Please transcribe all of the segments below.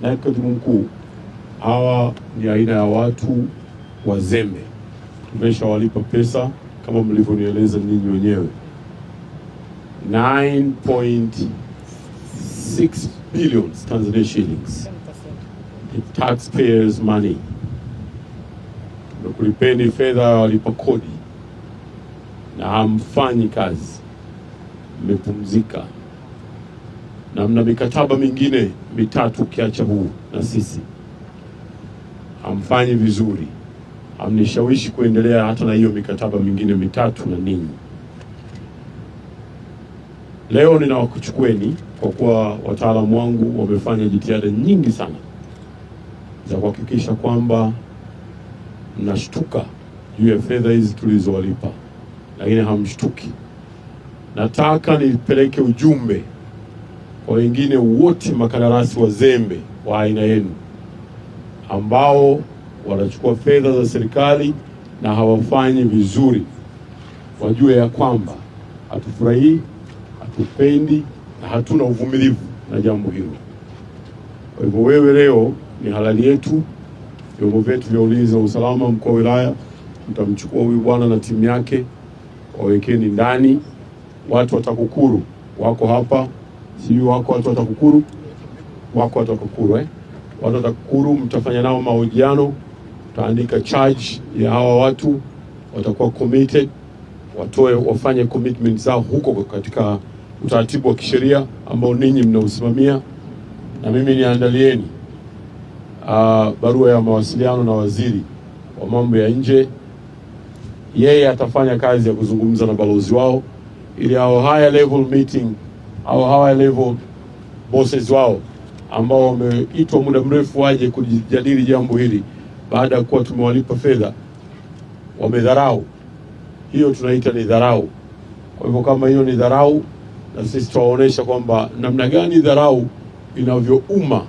na katibu mkuu, hawa ni aina ya watu wazembe. Tumeshawalipa pesa kama mlivyonieleza ninyi wenyewe 9.6 billion Tanzania shillings, the taxpayers money. Tumekulipeni fedha ya walipa kodi na hamfanyi kazi, mmepumzika na mna mikataba mingine mitatu ukiacha huu, na sisi hamfanyi vizuri, hamnishawishi kuendelea hata na hiyo mikataba mingine mitatu na ninyi. Leo ninawakuchukueni kwa kuwa wataalamu wangu wamefanya jitihada nyingi sana za kuhakikisha kwamba mnashtuka juu ya fedha hizi tulizowalipa, lakini hamshtuki. Nataka nipeleke ujumbe wengine wote makandarasi wazembe wa aina yenu ambao wanachukua fedha za serikali na hawafanyi vizuri, wajue ya kwamba hatufurahii, hatupendi na hatuna uvumilivu na jambo hilo. Kwa hivyo, wewe leo ni halali yetu. Vyombo vyetu vya ulinzi na usalama, mkuu wa wilaya, mtamchukua huyu bwana na timu yake, wawekeni ndani. Watu wa TAKUKURU wako hapa sijui wako watu watakukuru wako watu eh? Watu watakukuru mtafanya nao mahojiano, utaandika charge ya hawa watu, watakuwa committed, watoe wafanye commitment zao huko katika utaratibu wa kisheria ambao ninyi mnausimamia, na mimi niandalieni uh, barua ya mawasiliano na waziri wa mambo ya nje. Yeye atafanya kazi ya kuzungumza na balozi wao ili hao higher level meeting au hawa level bosses wao ambao wameitwa muda mrefu waje kujadili jambo hili, baada ya kuwa tumewalipa fedha wamedharau. Hiyo tunaita ni dharau. Kwa hivyo kama hiyo ni dharau, na sisi tuwaonesha kwamba namna gani dharau inavyouma.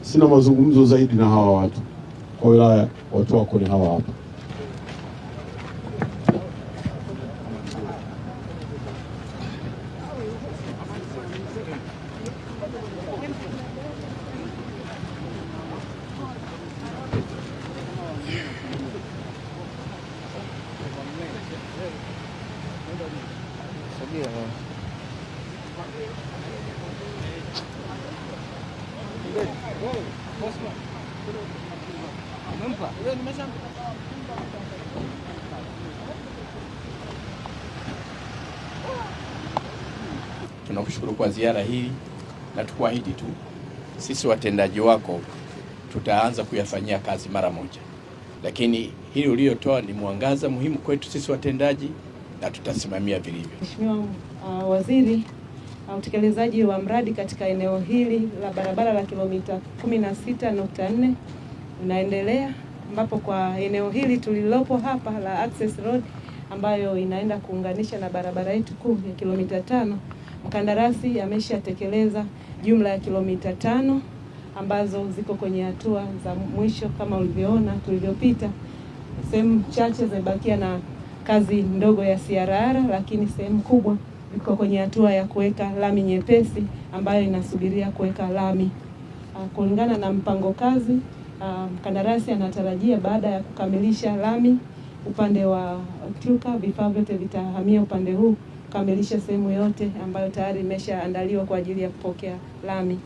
Sina mazungumzo zaidi na hawa watu kwa wilaya, watu wako ni hawa hapa. Fagia. Tunakushukuru kwa ziara hii na tukuahidi tu sisi watendaji wako tutaanza kuyafanyia kazi mara moja, lakini hili uliotoa ni mwangaza muhimu kwetu sisi watendaji na tutasimamia vilivyo. Mheshimiwa uh, Waziri, utekelezaji uh, wa mradi katika eneo hili la barabara la kilomita 16.4 unaendelea ambapo kwa eneo hili tulilopo hapa la access road ambayo inaenda kuunganisha na barabara yetu kuu ya kilomita tano, mkandarasi ameshatekeleza jumla ya kilomita tano ambazo ziko kwenye hatua za mwisho kama ulivyoona tulivyopita. Sehemu chache zimebakia na kazi ndogo ya CRR, lakini sehemu kubwa iko kwenye hatua ya kuweka lami nyepesi ambayo inasubiria kuweka lami ah, kulingana na mpango kazi. Ah, mkandarasi anatarajia baada ya kukamilisha lami upande wa Kyuka, vifaa vyote vitahamia upande huu kukamilisha sehemu yote ambayo tayari imeshaandaliwa kwa ajili ya kupokea lami.